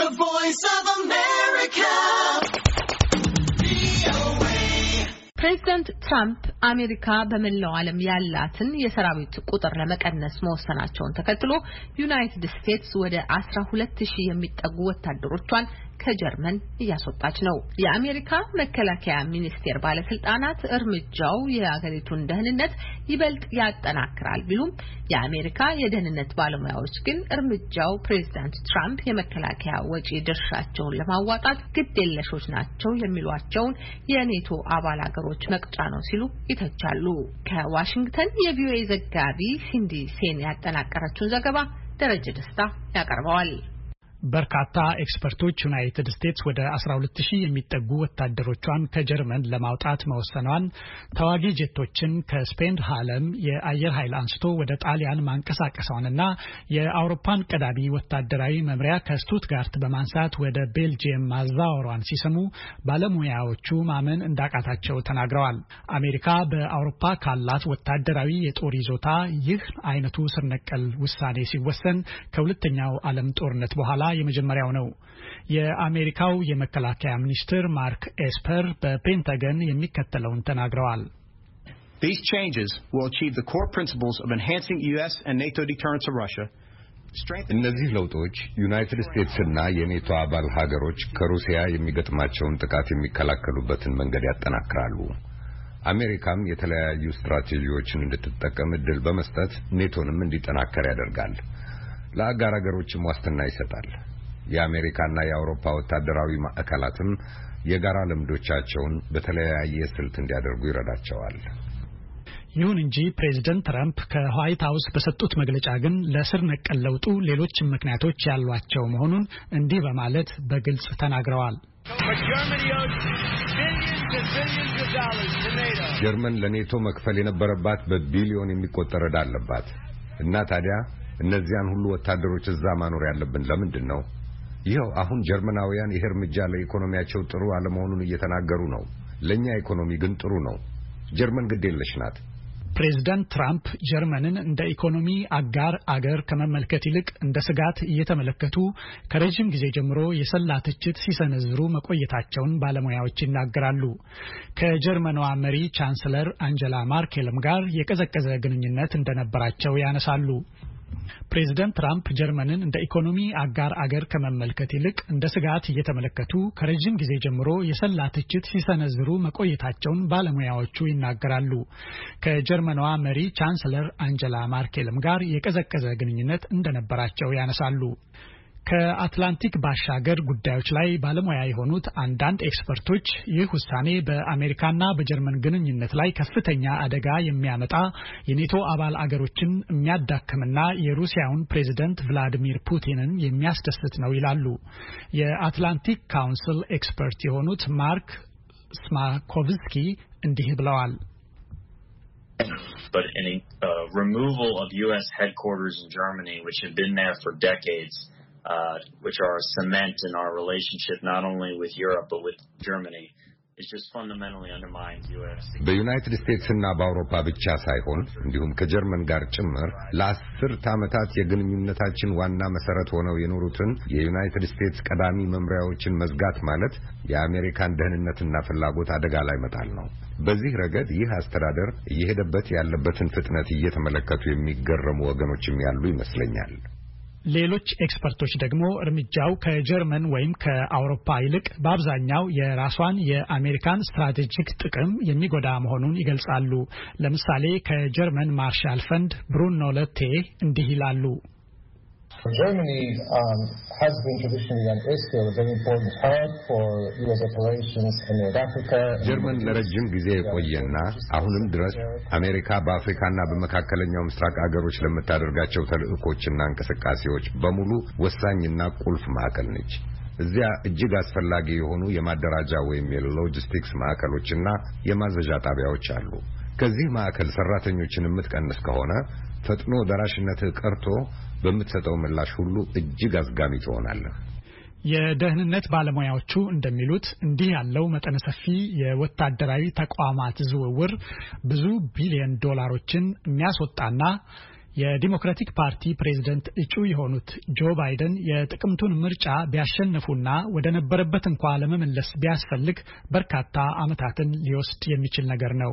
The Voice of America. ፕሬዚደንት ትራምፕ አሜሪካ በመላው ዓለም ያላትን የሰራዊት ቁጥር ለመቀነስ መወሰናቸውን ተከትሎ ዩናይትድ ስቴትስ ወደ አስራ ሁለት ሺህ የሚጠጉ ወታደሮቿን ከጀርመን እያስወጣች ነው። የአሜሪካ መከላከያ ሚኒስቴር ባለስልጣናት እርምጃው የሀገሪቱን ደህንነት ይበልጥ ያጠናክራል ቢሉም የአሜሪካ የደህንነት ባለሙያዎች ግን እርምጃው ፕሬዚዳንት ትራምፕ የመከላከያ ወጪ ድርሻቸውን ለማዋጣት ግዴለሾች ናቸው የሚሏቸውን የኔቶ አባል ሀገሮች መቅጫ ነው ሲሉ ይተቻሉ። ከዋሽንግተን የቪኦኤ ዘጋቢ ሲንዲ ሴን ያጠናቀረችውን ዘገባ ደረጀ ደስታ ያቀርበዋል። በርካታ ኤክስፐርቶች ዩናይትድ ስቴትስ ወደ 12 ሺህ የሚጠጉ ወታደሮቿን ከጀርመን ለማውጣት መወሰኗን፣ ተዋጊ ጄቶችን ከስፔን ሃለም የአየር ኃይል አንስቶ ወደ ጣሊያን ማንቀሳቀሷንና የአውሮፓን ቀዳሚ ወታደራዊ መምሪያ ከስቱትጋርት በማንሳት ወደ ቤልጅየም ማዛወሯን ሲሰሙ ባለሙያዎቹ ማመን እንዳቃታቸው ተናግረዋል። አሜሪካ በአውሮፓ ካላት ወታደራዊ የጦር ይዞታ ይህ አይነቱ ስርነቀል ውሳኔ ሲወሰን ከሁለተኛው ዓለም ጦርነት በኋላ የመጀመሪያው ነው። የአሜሪካው የመከላከያ ሚኒስትር ማርክ ኤስፐር በፔንታገን የሚከተለውን ተናግረዋል። These changes will achieve the core principles of enhancing U.S. and NATO deterrence of Russia. እነዚህ ለውጦች ዩናይትድ እና የኔቶ አባል ሀገሮች ከሩሲያ የሚገጥማቸውን ጥቃት የሚከላከሉበትን መንገድ ያጠናክራሉ። አሜሪካም የተለያዩ ስትራቴጂዎችን እንድትጠቀም እድል በመስጠት ኔቶንም እንዲጠናከር ያደርጋል። ለአጋር አገሮችም ዋስትና ይሰጣል። የአሜሪካና የአውሮፓ ወታደራዊ ማዕከላትም የጋራ ልምዶቻቸውን በተለያየ ስልት እንዲያደርጉ ይረዳቸዋል። ይሁን እንጂ ፕሬዚደንት ትራምፕ ከዋይት ሀውስ በሰጡት መግለጫ ግን ለስር ነቀል ለውጡ ሌሎችም ምክንያቶች ያሏቸው መሆኑን እንዲህ በማለት በግልጽ ተናግረዋል። ጀርመን ለኔቶ መክፈል የነበረባት በቢሊዮን የሚቆጠር ዕዳ አለባት እና ታዲያ እነዚያን ሁሉ ወታደሮች እዛ ማኖር ያለብን ለምንድን ነው? ይኸው አሁን ጀርመናውያን ይህ እርምጃ ለኢኮኖሚያቸው ጥሩ አለመሆኑን እየተናገሩ ነው። ለእኛ ኢኮኖሚ ግን ጥሩ ነው። ጀርመን ግድ የለሽ ናት። ፕሬዝዳንት ትራምፕ ጀርመንን እንደ ኢኮኖሚ አጋር አገር ከመመልከት ይልቅ እንደ ስጋት እየተመለከቱ ከረዥም ጊዜ ጀምሮ የሰላ ትችት ሲሰነዝሩ መቆየታቸውን ባለሙያዎች ይናገራሉ። ከጀርመኗ መሪ ቻንስለር አንጀላ ማርኬልም ጋር የቀዘቀዘ ግንኙነት እንደነበራቸው ያነሳሉ። ፕሬዝደንት ትራምፕ ጀርመንን እንደ ኢኮኖሚ አጋር አገር ከመመልከት ይልቅ እንደ ስጋት እየተመለከቱ ከረዥም ጊዜ ጀምሮ የሰላ ትችት ሲሰነዝሩ መቆየታቸውን ባለሙያዎቹ ይናገራሉ። ከጀርመኗ መሪ ቻንስለር አንጀላ ማርኬልም ጋር የቀዘቀዘ ግንኙነት እንደነበራቸው ያነሳሉ። ከአትላንቲክ ባሻገር ጉዳዮች ላይ ባለሙያ የሆኑት አንዳንድ ኤክስፐርቶች ይህ ውሳኔ በአሜሪካና በጀርመን ግንኙነት ላይ ከፍተኛ አደጋ የሚያመጣ የኔቶ አባል አገሮችን የሚያዳክምና የሩሲያውን ፕሬዚደንት ቭላዲሚር ፑቲንን የሚያስደስት ነው ይላሉ። የአትላንቲክ ካውንስል ኤክስፐርት የሆኑት ማርክ ስማኮቭስኪ እንዲህ ብለዋል። But any uh, removal of U.S. headquarters in Germany, which had been there for decades, Uh, which are cement in our relationship not only with Europe but with Germany. በዩናይትድ ስቴትስና በአውሮፓ ብቻ ሳይሆን እንዲሁም ከጀርመን ጋር ጭምር ለአስርት ዓመታት የግንኙነታችን ዋና መሰረት ሆነው የኖሩትን የዩናይትድ ስቴትስ ቀዳሚ መምሪያዎችን መዝጋት ማለት የአሜሪካን ደህንነትና ፍላጎት አደጋ ላይ መጣል ነው። በዚህ ረገድ ይህ አስተዳደር እየሄደበት ያለበትን ፍጥነት እየተመለከቱ የሚገረሙ ወገኖችም ያሉ ይመስለኛል። ሌሎች ኤክስፐርቶች ደግሞ እርምጃው ከጀርመን ወይም ከአውሮፓ ይልቅ በአብዛኛው የራሷን የአሜሪካን ስትራቴጂክ ጥቅም የሚጎዳ መሆኑን ይገልጻሉ። ለምሳሌ ከጀርመን ማርሻል ፈንድ ብሩኖ ለቴ እንዲህ ይላሉ። Germany um, has been traditionally and is still a very important hub for US operations in North Africa. ጀርመን ለረጅም ጊዜ የቆየና አሁንም ድረስ አሜሪካ በአፍሪካና በመካከለኛው ምስራቅ አገሮች ለምታደርጋቸው ተልዕኮችና እንቅስቃሴዎች በሙሉ ወሳኝና ቁልፍ ማዕከል ነች። እዚያ እጅግ አስፈላጊ የሆኑ የማደራጃ ወይም የሎጂስቲክስ ማዕከሎችና የማዘዣ ጣቢያዎች አሉ። ከዚህ ማዕከል ሰራተኞችን የምትቀንስ ከሆነ ፈጥኖ ደራሽነትህ ቀርቶ በምትሰጠው ምላሽ ሁሉ እጅግ አዝጋሚ ትሆናለህ። የደህንነት ባለሙያዎቹ እንደሚሉት እንዲህ ያለው መጠነ ሰፊ የወታደራዊ ተቋማት ዝውውር ብዙ ቢሊዮን ዶላሮችን የሚያስወጣና የዲሞክራቲክ ፓርቲ ፕሬዝደንት እጩ የሆኑት ጆ ባይደን የጥቅምቱን ምርጫ ቢያሸንፉና ወደ ነበረበት እንኳ ለመመለስ ቢያስፈልግ በርካታ ዓመታትን ሊወስድ የሚችል ነገር ነው።